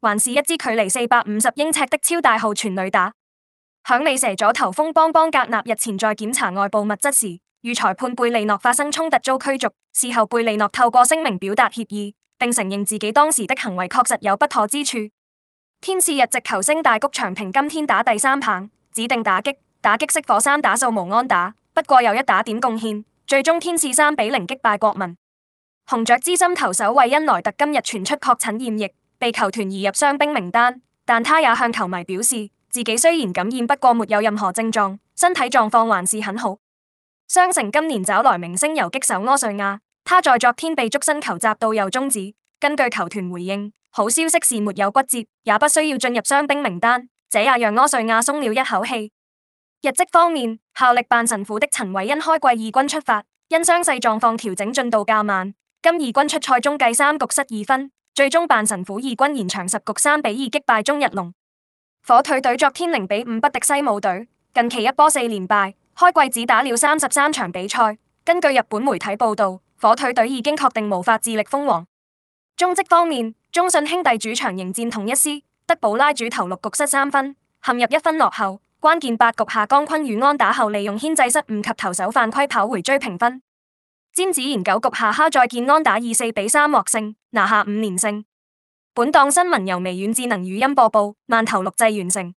還是一支距離四百五十英尺的超大號全壘打。響尾蛇左投瘋邦邦格納日前在檢查外部物質時，與裁判貝利諾發生衝突遭驅逐。事後貝利諾透過聲明表達歉意，並承認自己當時的行為確實有不妥之處。天使日籍球星大谷長平今天打第三棒，指定打擊，打擊熄火，三打數無安打，不過又一打點貢獻，最終天使三比零擊敗國民。紅雀資深投手惠恩萊特今日傳出確診染疫。被球團移入傷兵名單，但他也向球迷表示，自己雖然感染，不過沒有任何症狀，身體狀況還是很好。雙城今年找來明星游擊手柯瑞亞，他在昨天被觸身球砸到右中指。根據球團回應，好消息是沒有骨折，也不需要進入傷兵名單，這也讓柯瑞亞鬆了一口氣。日職方面，效力阪神虎的陳偉殷開季二軍出發，因傷勢狀況調整進度較慢，今二軍出賽中計三局失二分。最終，阪神虎二軍延長十局三比二擊敗中日龍。火腿隊昨天零比五不敵西武隊，近期一波四連敗，開季只打了三十三場比賽。根據日本媒體報道，火腿隊已經確定無法自力封王。中職方面，中信兄弟主場迎戰同一師，德保拉主投六局失三分，陷入一分落後。關鍵八局下，江坤宇安打後利用牽制失誤及投手犯規跑回追平分。詹子賢九局下敲再見安打以四比三獲勝，拿下五連勝。本檔新聞由微軟智能語音播報，萬頭錄製完成。